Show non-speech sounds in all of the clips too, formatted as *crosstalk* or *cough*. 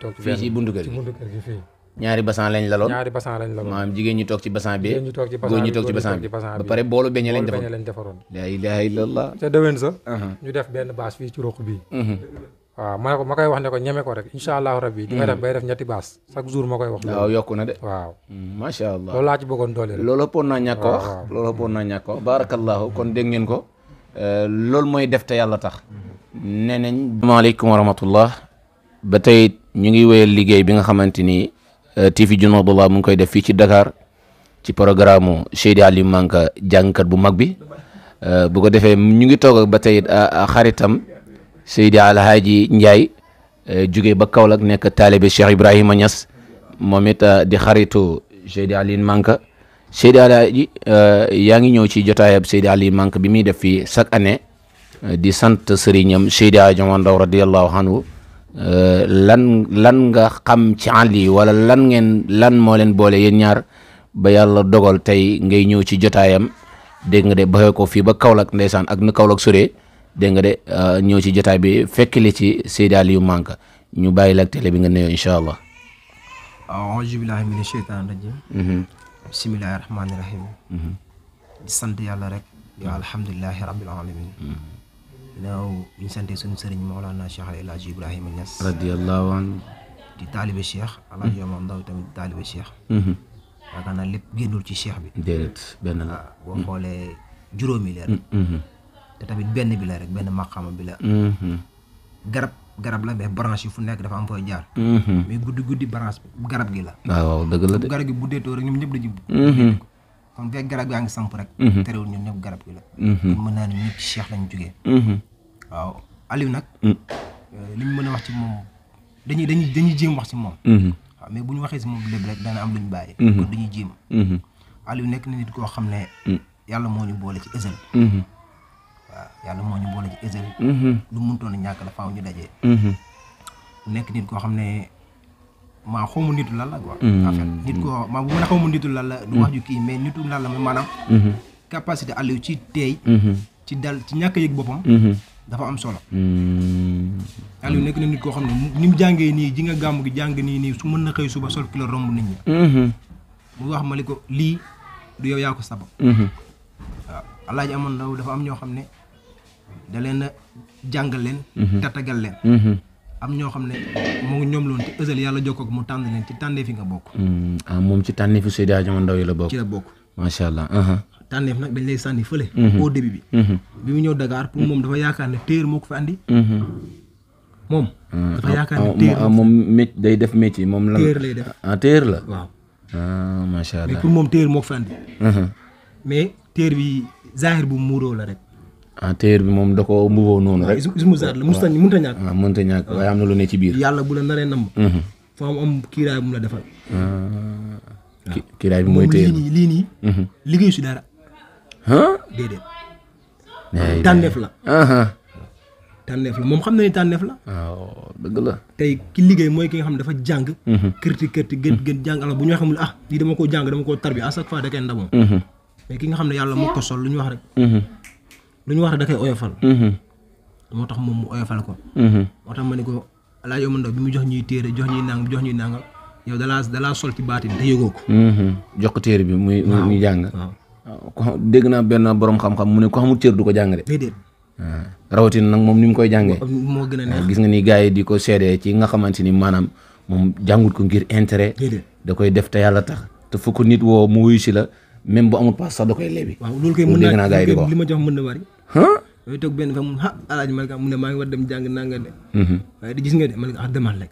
toog fii ci buntu kër gi buntu ñaari basan lañ laloon ñaari jigéen ñi toog ci basan bi ba pare boolu beñe lañ defoon lañ defaroon laa ilaaha illallah ca déwén sa ñu def benn baas fii ci roq bii mhm. waaw ma koy wax ne ko ñeme ko rek incha allahu rabbi di nga def mhm. bay def ñetti baas chaque jour ma koy wax loolu mhm, laa ci bëggoon doole loolu ëppoon naa naa ñàkk wax barakallahu kon dégg ko euh, loolu mooy def te yàlla tax nee nañ asalaamaaleykum ñu ngi wéyal liggéey bi nga xamante ni euh, TV Junudullah mu ngi koy def ci Dakar ci programme Seydi Aliou Manka jàngkat bu mag bi euh, bu ko defee ñu ngi toog ba tey euh, xaritam Seydi Alhaaji Njaay jóge ba Kaolack nekk taalibe Ibrahima Niass moom it di xaritu Seydi Aliou Manka Seydi Alhaaji yaa ngi ñëw ci jotaayab Seydi Aliou Manka bi muy def fii chaque année di sant sëriñam Seydi Aja Ndaw radiyallahu anhu Euh, lan lan nga xam ci lii wala lan ngeen lan moo leen boole yéen ñaar ba yàlla dogal tey ngay ñëw ci jotaayam dégg nga de baxee ko fii ba Kaolack ndeysaan ak nu Kaolack suree dégg nga de euh, ñëw ci jotaay bi fekk li ci Seydi Aliou Manka ñu bàyyi la tele bi nga nuyoo incha allah. Mhm. Mhm. yàlla rek. yow alhamdulilahi ginnaaw ñu sante suñu sëriñ moo Cheikh El Hadj Ibrahima Niass radiyallahu anhu di taalibe Cheikh alaaj Yomam Ndaw tamit di taalibe Cheikh mm-hmm. yaakaar naa lépp génnul ci Cheikh bi déedéet benn la ah, boo xoolee juróomi leer mm-hmm. te tamit benn bi la rek benn maqaama bi la mm-hmm. garab garab la mais branche yi fu nekk dafa am fooy jaar mais guddi guddi branche garab gi la waaw ah, waaw dëgg la de garab gi buddeetoo rek ñoom ñëpp dañuy kon fekk garab yaa ngi samp rek. Mhm. terewul ñun ñëpp garab gi la. kon mhm. mën naa ne ñëpp ci Cheikh lañ jógee. Mhm. waaw Aliou nag. Mm. Euh, li ñu mën a wax ci moom dañuy dañuy dañuy jéem wax ci moom. waaw mais bu ñu waxee si moom lépp rek dana am lu ñu bàyyi. kon dañuy jéem. Aliou nekk na nit koo xam ne. Mm. yàlla moo ñu boole ci ezel. waaw yàlla moo ñu boole ci ezel. lu mëntoon a ñàkk la faaw ñu dajee. nekk nit koo xam ne. maa xawma nitu lan la quoi. Mm-hmm. en fait nit ko maa bu ma xawma nitu lan la. du mm-hmm. wax ju kii mais nitu lan la mooy maanaam. Mm-hmm. capacité Aliou ci teey. ci dal ci ñàkk a yëg boppam. dafa am solo. Aliou nekk na nit koo xam ne ni mu nii ji nga gàmm gi jàng nii nii su mën na xëy suba sol kilo romb nit ñi. mu wax ma li ko lii du yow yaa ko sabab. waaw Alaaji amoon na dafa am ñoo xam ne da leen a jàngal leen. tatagal leen. am ñoo xam ne moo ñoom loon te Ezel yàlla jokkoog mu tànn leen ci tànneef yi nga bokk. Hmm, ah, moom ci tànneefu Seydi a Omar Ndaw yi la bokk. ci la bokk macha allah. Uh-huh. tànneef nag dañ lay sànni fële. Hmm. au début bi. Hmm. bi mu ñëw Dakar pour moom moo ko ah, ah, day def métier moom la. téer lay def ah la. waaw ah allah mais pour moom téer moo ko fi andi. Uh-huh. mais téer bi zahir bu muuroo la rek. ah téer bi moom da ko mbuboo noonu rek ismu zaat la mënta mënta ñàkk waaw ah, mënta ñàkk waaye am na lu ne ci biir yàlla bu la naree namb mhm. foo am am bu la defal ah, kiiraay bi mooy téer lii nii mhm. liggéeyu si dara déedéet tànneef la uh-huh. tànneef la moom xam na ni tànneef la dëgg la tey ki liggéey mooy ki nga xam ne dafa jàng mhm. kërti kërti gën gën jàng ala bu ñu xam ah lii dama ko jàng dama koo tarbi à chaque fois da koy ndamoo mais ki nga xam ne yàlla moo ko sol lu ñu wax rek duñu wax ne da koy oyofal. Mm-hmm. moo tax moom mu oyofal ko. Mm-hmm. moo tax ma ne ko Alaaji Omar Ndaw bi mu jox ñuy téere jox ñuy nangam jox ñuy nangam yow dalaa dalaa sol ci baatin te yëgoo ko. Mm-hmm. jox ko téere bi muy muy jàng. dégg naa benn borom xam-xam mu ne ko xamul téere du ko jàng de. déedéet. Ah. rawatina nag moom ni mu koy jàngee. moo gën a ah, gis nga ni gars yi di ko seedee ci nga xamante ni maanaam moom jàngut ko ngir intere da koy def te yàlla tax te fu nit woo mu wuyu si la même bu amul paas sax da koy lebi. waaw loolu naa li ma jox yooyu toog benn fa mu ah alaaji mu ne maa ngi war dem jàng naa nga de mhm. waaye di gis nga de ma ne ah demal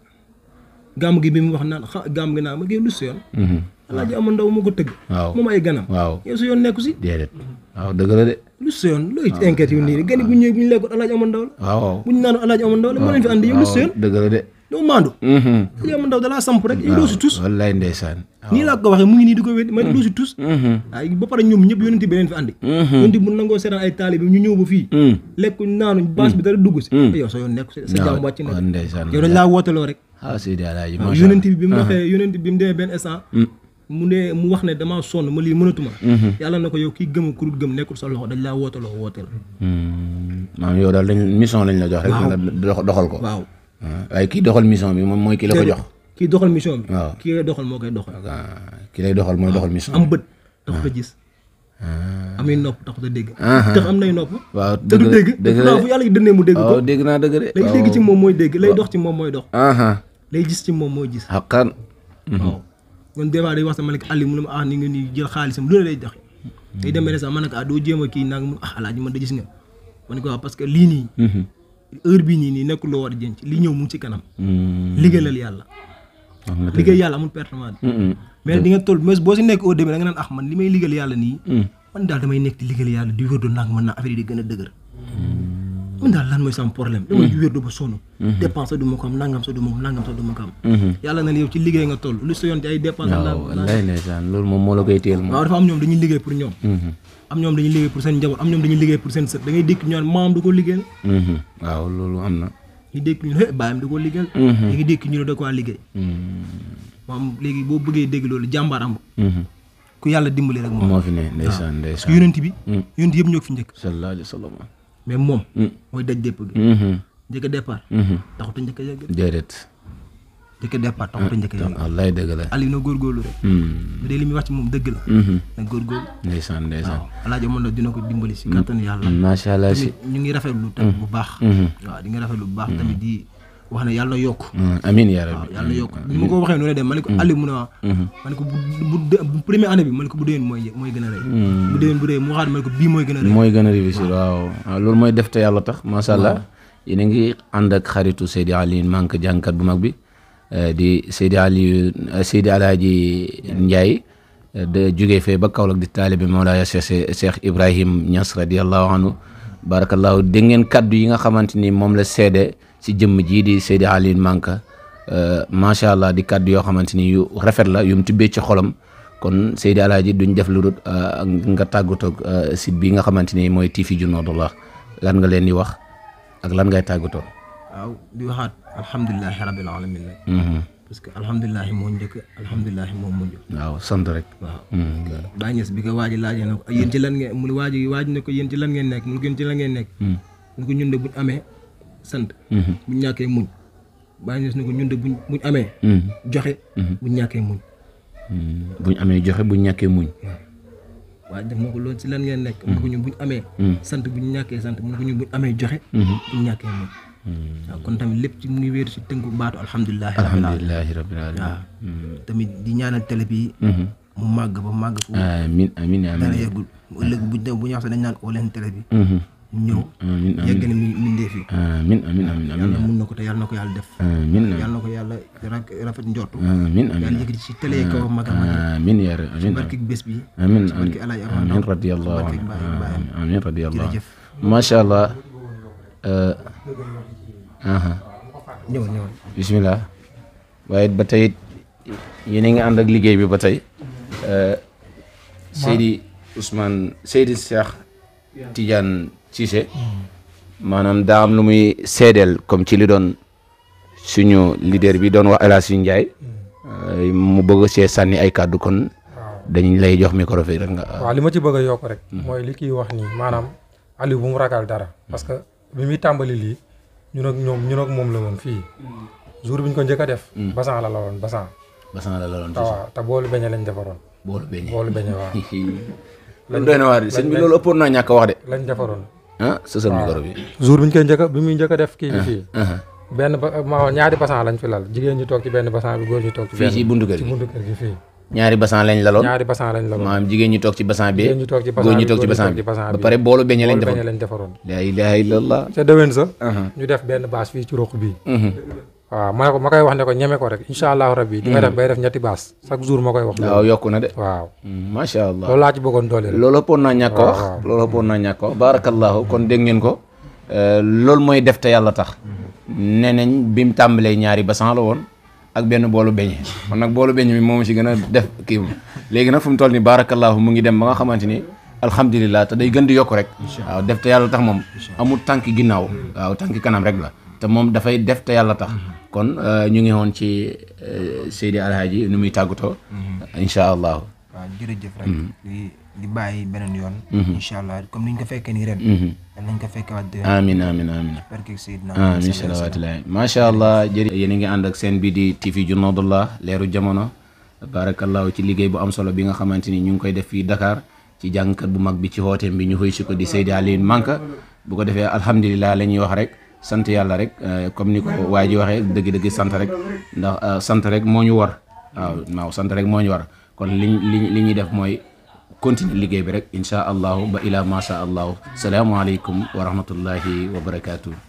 gi bi mu wax naan xa gàmm gi naa ma géy lu yoon mhm. alaaji ama ndaw moo ko tëgg waaw moom ay ganam waaw yow yoon nekku si déedéet waaw dëgg la de lu yoon looy inquiète yu nii gani bu ñëwee bu ñu lekkul alaaji ama ndaw la waaw buñ fi andi yow lu yoon dëgg de doo maandu. Iliya mm-hmm. Ndaw da laa samp rek. waaw doo si tus wallaay ndeysaan. ko waxee mu ngi nii di ko wéet. ma mm-hmm. ñëpp yonent bi beneen fi andi. Mm-hmm. yonent bi mun nangoo seetaan ay taalibe fii. Mm. lekk naanuñ bâche dugg si. Mm. yow sa yoon nekk sa jàmm wàcc na. ndeysaan yow dañ laa wooteloo rek. ah Seydi Alaaji macha mu ah. waxee mu demee mm. ne mu wax ne damaa ma lii mënatuma. yàlla na yow kii gëm a kurut gëm nekkul sa loxo dañ laa wooteloo woote la. maanaam yow daal dañ mission lañ la jox rek. doxal ko waaw Ah. waaye kii doxal mission bi moom mooy ki la ko jox. kii doxal mission bi. waaw kii lay doxal moo koy doxal. Ah, ki lay doxal mooy doxal mission ah, am bët. tax ko gis. am nopp tax ko dégg. tax am nay nopp. waaw dëgg te du dégg. dëgg la fu oh, naa dëgg de. lay dégg ci oh. moom mooy dégg lay dox ci moom mooy dox. lay gis ci moom mooy gis. xaqan. Mhm. waaw man des fois day wax sama nekk Aliou mu ne ma ah ni nga ni jël xaalisam lu ne lay dox. Mhm. day demee ne sax man nag ah doo jéem a kii nag mu ah alaaji man da gis nga. ma ne ko waaw que lii nii. Mhm. heure bi nii nii nekkul loo war a jënc li ñëw mu ngi ci kanam. Hmm. liggéeyal yàlla. liggéey yàlla amul pertement mais di nga toll boo si nekk au début da nga ah, li may liggéeyal yàlla nii. Hmm. man daal nekk di liggéeyal yàlla di wér du nag mën naa affaire gën a dëgër. Hmm. man daal nangam sa du ma ko am nangam sa yàlla na yow ci liggéey nga toll lu si yoon ci ay dépense. waaw wallaay ndeysaan loolu moom moo la koy teel moom. dañuy liggéey pour ñoom. am ñoom dañuy liggéey pour seen njaboot am ñoom dañuy liggéey pour seen sët da ngay dégg ñoom maam du ko liggéeyal. Mhm. waaw loolu am na. ñu dégg ñu ne eh, baayam du ko liggéeyal. da ngay dégg ñu ne da koo liggéey. Mhm. maam léegi boo bëggee dégg loolu jàmbaar am. Mhm. ku yàlla dimbali rek moom moo fi ne ndeysaan ndeysaan yonent bi. Mm. yonent yëpp ñoo ko fi njëkk. sallallahu alayhi wa sallam. mais moom. Mm. mooy daj dépp gi. njëkk a départ. taxut a njëkk a yegg. déedéet. njëkk a départ toppatoo ah, njëkk a yëngu. Ah, wallaay dëgg la Aliou hmm. li muy wax ci moom dëgg la. Hmm. na góorgóorlu. ndeysaan ndeysaan waaw El Hadj dina ko dimbali si kattanu yàlla. Hmm. macha allah si ñu ngi rafetlu tamit bu baax. waaw di nga rafetlu bu baax tamit di. wax ne yàlla yokk amiin yaa rabbi yokk ni ma ko waxee noonu dem ma ne ko Aliou mu ne ma bi ma ne bu déwén mooy mooy gën a rëy mooy gën a rëy mooy a ah, loolu mooy def te yàlla tax macha allah yéen a ngi ànd ak xaritu Seydi Aliou Manke jàngkat bu mag bi Eh, di Seydi Aliou eh, Seydi Alhaji Ndiaye eh, de jóge fee ba Kaolack di taalibe Mawlaaya Cheikh Cheikh Ibrahim Niass radiyallahu anhu barakallahu dégg ngeen kaddu yi nga xamante ni moom la seede si jëmm jii di Seydi Aliou Manka macha allah di kaddu yoo xamante ni yu rafet la yum mu tibbee ci xolam kon Seydi ji duñ def lu dul nga tàggatoo si bii nga xamante ni mooy Tifi Junaadullah lan nga leen di wax ak lan ngay tàggatoo. waaw di waxaat alhamdulilahi rabil alamin rek mhm. parce que alhamdulilahi moo njëkk alhamdulilahi moo mujj waaw sant rek waaw mhm. bàñes bi ko waaji laajee na ko yéen ci lan ngeen mu waaji waaji ne ko yéen ci lan ngeen nekk mun ko yéen ci lan ngeen nekk mhm. mun ko ñun de buñ amee sant buñ ñàkkee muñ bàñes ne ko ñun de buñ buñ amee joxe buñ ñàkkee muñ buñ amee joxe buñ ñàkkee muñ waaye def na ko loolu ci lan ngeen nekk mun ko ñun buñ amee sant buñ ñàkkee sant mun ko ñun buñ amee joxe buñ ñàkkee muñ waaw kon tamit lépp ci mu ngi wéeru si tënku baatu alhamdulilah. alhamdulilah rabbil alamin waaw hmm. tamit di ñaanal télé bi. Hmm. mu màgg ba màgg. amiin amiin amiin dara yeggul ëllëg bu ñu bu ñu wax sax dañ naan oo leen télé bi. Hmm. ñëw yegg na mindee fi amiin amiin amiin yàlla mun na ko te yàlla na ko yàlla def amiin yàlla na ko yàlla rafet njortu amiin amiin yàlla yëkkati ci télé kaw a mag a mag amiin yaa amiin ci barke bés bi amiin barke alaaj amiin radiyallahu amiin radiyallahu macha allah uh, ñëwal bisimilah waaye ba tey yéen a ngi ànd ak liggéey bi ba tey euh, Seydi Ousmane Seydi Cheikh Tidiane Cissé maanaam daa am lu muy seedeel comme ci li doon suñu leader bi doon wax El Hadj Ndiaye euh, mu bëgg see sànni ay kàddu kon dañ lay jox micro bi rek nga. li ma ci bëgg yokk rek. Hmm. mooy li kiy wax nii maanaam Aliou bu mu ragal dara bi muy tàmbali lii ñun ak ñoom moom la woon fii. Mm. jour bi ñu ko njëkk a def. Mm. basan la la woon basan. basan la la woon waaw te boolu beñe lañ defaroon. boolu beñe boolu beñe waaw. lan *laughs* doy na waar sëñ bi loolu ëppoon naa ñàkk wax de. lañ defaroon. a ah, sësal micro bi. bi ñu koy njëkk a bi muy njëkk a def kii bi ah, fii. Ah. benn ba ma ñaari basan lañ fi lal jigéen ñi toog ci benn basan bi góor ñi toog. ci ci buntu kër gi fii. ñaari basan lañ laloon ñaari basan lañ laloon maanaam jigéen ñi toog ci basan bi jigéen ñi toog ci basan bi ba pare boolu beñe lañ defaroon laa ilaha illallah ca déwén sa uh-huh. ñu def benn baas fii ci roq bii uh-huh. ma ne koy wax ne ko ñeme ko rek incha allah rabbi di nga def uh-huh. bay def ñetti baas chaque jour ma koy wax waaw yokku na de waaw mm, macha allah loolu laa ci bëggoon doole loolu ëppoon naa ko wax loolu ëppoon naa ñàkk ko wax barakallahu kon dégg ngeen ko euh, loolu mooy def te yàlla tax mm-hmm. nee nañ bi mu tàmbalee ñaari basan la woon ak benn boolu beñe man nag boolu beñe mi moom si gën a def kii léegi nag fu mu toll ni barakallahu mu ngi dem ba nga xamante ni alhamdulilah te day gën di yokk rek waaw def te yàlla tax moom amul tànk ginnaaw waaw tànk kanam rek la te moom dafay def te yàlla tax mm-hmm. kon euh, ñu ngi woon ci euh, Seydi Alhaaji nu muy tàggatoo mm-hmm. incha allahu jërëjëf rek. Mm-hmm. di di bàyyi beneen yoon. Mm-hmm. incha allah comme ni ñu ko fekkee nii ren. danañ mm-hmm. ko fekkee waat. amiin amiin amiin. barke Seydina. amiin salawaatilaay macha allah jërëjëf. yéen a ngi ànd ak seen bi di TV Junudullah leeru jamono barakallaahu ci liggéey bu am solo bi nga xamante ni ñu ngi koy def fii Dakar ci jàngkat bu mag bi ci hooteem bi ñu xëy si ko di Seydi Aliou Manka bu ko defee alhamdulilah la ñuy wax rek. sant yàlla rek euh, comme ni ko waa ji waxee dëgg-dëgg rek ndax euh, sant rek moo ñu war waaw waaw sant rek moo ñu war kon li li ñuy def mooy continuer liggéey bi rek incha allahu ba ila ma sha allahu salaamaaleykum wa rahmatullahi wa barakaatu.